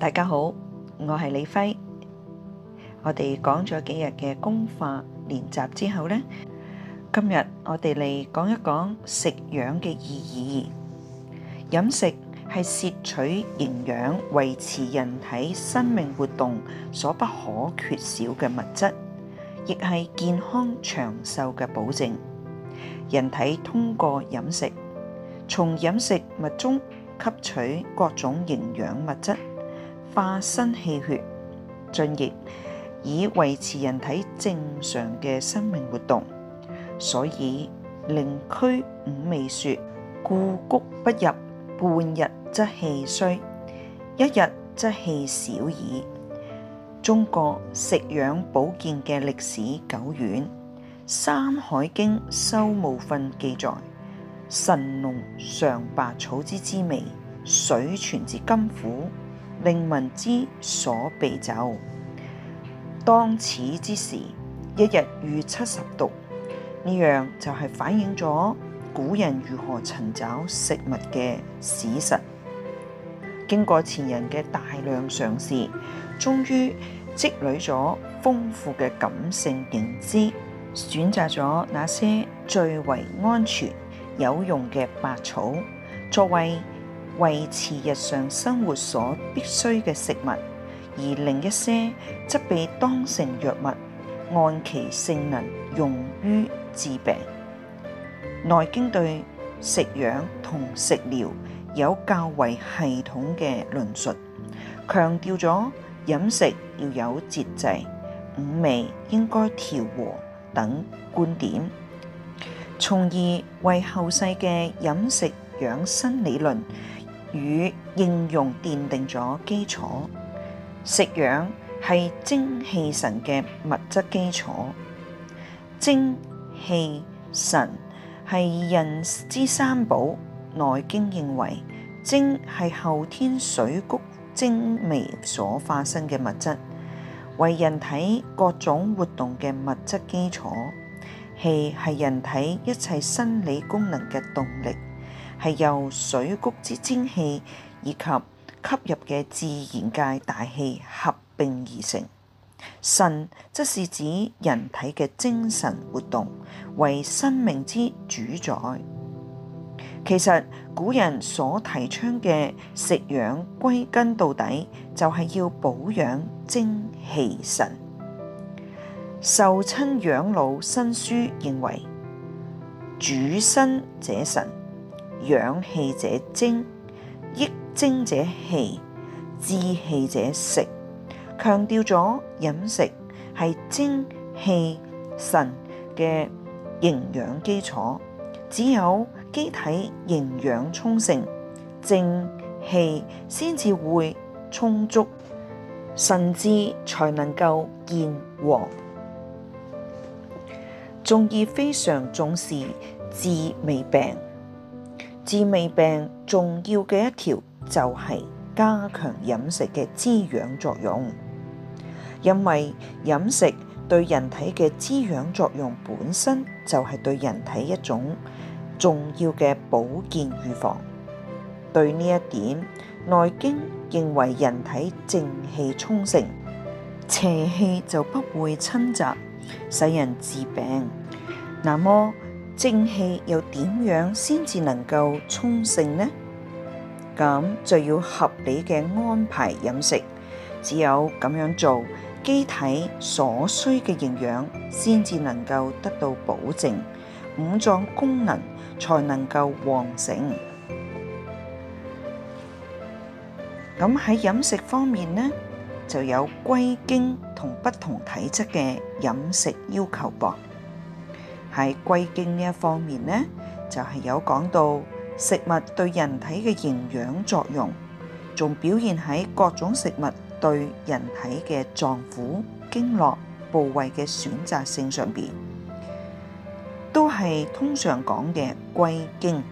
大家好，我係李輝。我哋講咗幾日嘅功法練習之後咧，今日我哋嚟講一講食養嘅意義。飲食係攝取營養、維持人體生命活動所不可缺少嘅物質，亦係健康長壽嘅保證。人體通過飲食，從飲食物中吸取各種營養物質。化生氣血津液，以維持人體正常嘅生命活動。所以，靈樞五味說：故穀不入，半日則氣衰，一日則氣少矣。中國食養保健嘅歷史久遠，《山海經》修務訓記載：神農嘗百草之滋味，水泉之甘苦。令民知所避就，當此之時，一日遇七十毒。呢樣就係反映咗古人如何尋找食物嘅史實。經過前人嘅大量嘗試，終於積累咗豐富嘅感性認知，選擇咗那些最為安全有用嘅百草作為維持日常生活所必需嘅食物，而另一些則被當成藥物，按其性能用於治病。《內經》對食養同食療有較為系統嘅論述，強調咗飲食要有節制、五味應該調和等觀點，從而為後世嘅飲食養生理論。與應用奠定咗基礎。食養係精氣神嘅物質基礎。精氣神係人之三寶，《內經》認為精係後天水谷精微所化生嘅物質，為人體各種活動嘅物質基礎。氣係人體一切生理功能嘅動力。係由水谷之精氣以及吸入嘅自然界大氣合併而成。神則是指人體嘅精神活動，為生命之主宰。其實古人所提倡嘅食養歸根到底就係要保養精氣神。《壽親養老新書》認為，主身者神。養氣者精，益精者氣，志氣者食。強調咗飲食係精氣神嘅營養基礎，只有機體營養充盛，正氣先至會充足，甚至才能夠健和。中醫非常重視治未病。治未病重要嘅一條就係加強飲食嘅滋養作用，因為飲食對人體嘅滋養作用本身就係對人體一種重要嘅保健預防。對呢一點，《內經》認為人體正氣充盛，邪氣就不會侵襲，使人治病。那麼正氣又點樣先至能夠充盛呢？咁就要合理嘅安排飲食，只有咁樣做，機體所需嘅營養先至能夠得到保證，五臟功能才能夠旺盛。咁喺飲食方面呢，就有歸經同不同體質嘅飲食要求噃。喺歸經呢一方面呢，就係有講到食物對人體嘅營養作用，仲表現喺各種食物對人體嘅臟腑經絡部位嘅選擇性上邊，都係通常講嘅歸經，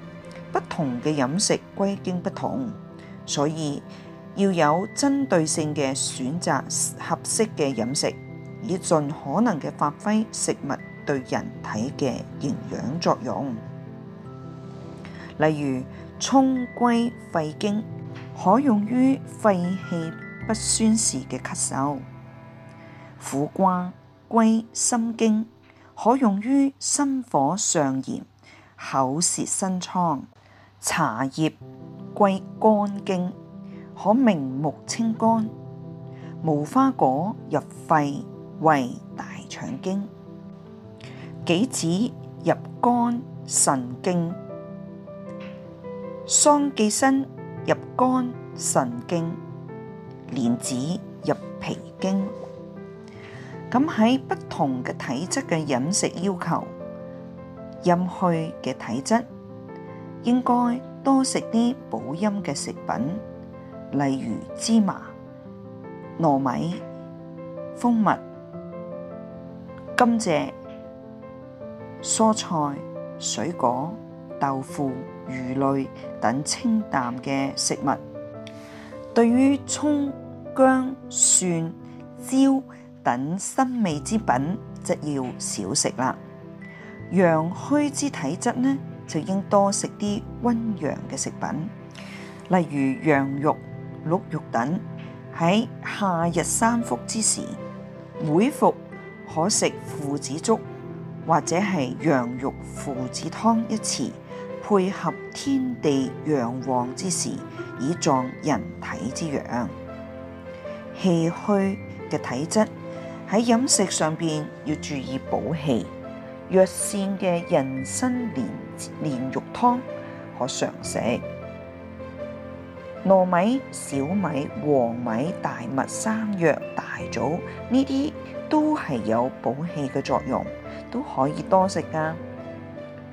不同嘅飲食歸經不同，所以要有針對性嘅選擇合適嘅飲食，以盡可能嘅發揮食物對人體嘅營養作用，例如葱歸肺經，可用於肺氣不宣時嘅咳嗽；苦瓜歸心經，可用於心火上炎、口舌生瘡；茶葉歸肝經，可明目清肝；無花果入肺、胃、大腸經。杞子入肝腎經，桑寄生入肝腎經，蓮子入脾經。咁喺不同嘅體質嘅飲食要求，陰虛嘅體質應該多食啲補陰嘅食品，例如芝麻、糯米、蜂蜜、甘蔗。蔬菜、水果、豆腐、魚類等清淡嘅食物，對於蔥、薑、蒜、椒等辛味之品則要少食啦。陽虛之體質呢，就應多食啲溫陽嘅食品，例如羊肉、鹿肉等。喺夏日三伏之時，每伏可食附子粥。或者係羊肉附子湯一詞，配合天地陽旺之時，以壯人體之陽。氣虛嘅體質喺飲食上邊要注意補氣，藥膳嘅人參蓮蓮肉湯可常食。糯米、小米、黃米、大麥、山藥、大棗呢啲。都係有補氣嘅作用，都可以多食噶。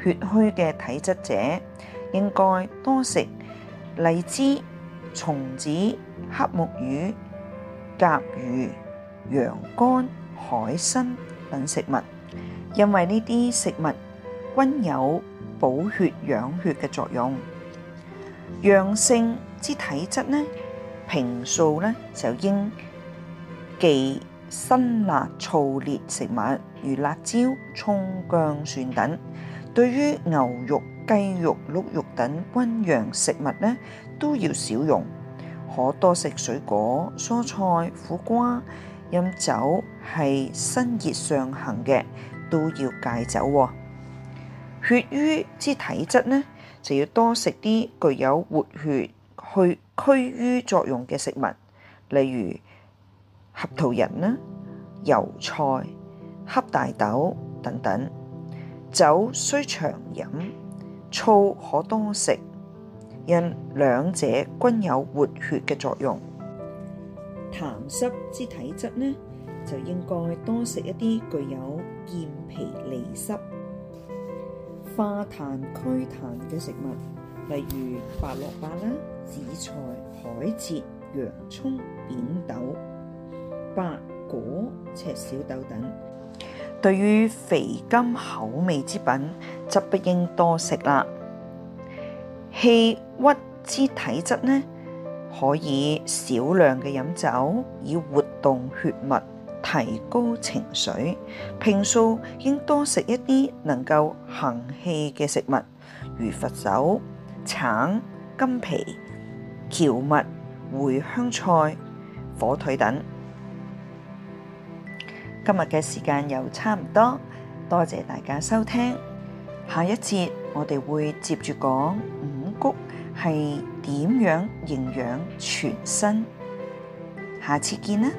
血虛嘅體質者應該多食荔枝、松子、黑木耳、甲魚、羊肝、海參等食物，因為呢啲食物均有補血養血嘅作用。陽性之體質呢，平素呢就應忌。辛辣燥烈食物，如辣椒、蔥、薑、蒜等，對於牛肉、雞肉、鹿肉等溫陽食物咧，都要少用。可多食水果、蔬菜、苦瓜。飲酒係辛熱上行嘅，都要戒酒喎。血瘀之體質咧，就要多食啲具有活血去祛瘀作用嘅食物，例如，核桃仁啦、油菜、黑大豆等等，酒需長飲，醋可多食，因兩者均有活血嘅作用。痰濕之體質呢，就應該多食一啲具有健脾利濕、化痰祛痰嘅食物，例如白蘿蔔啦、紫菜、海蜇、洋葱、扁豆。白果、赤小豆等，對於肥甘口味之品，則不應多食啦。氣鬱之體質呢，可以少量嘅飲酒，以活動血脈，提高情緒。平素應多食一啲能夠行氣嘅食物，如佛手、橙、金皮、蕎麥、茴香菜、火腿等。今日嘅時間又差唔多，多謝大家收聽。下一節我哋會接住講五穀係點樣營養全身。下次見啦。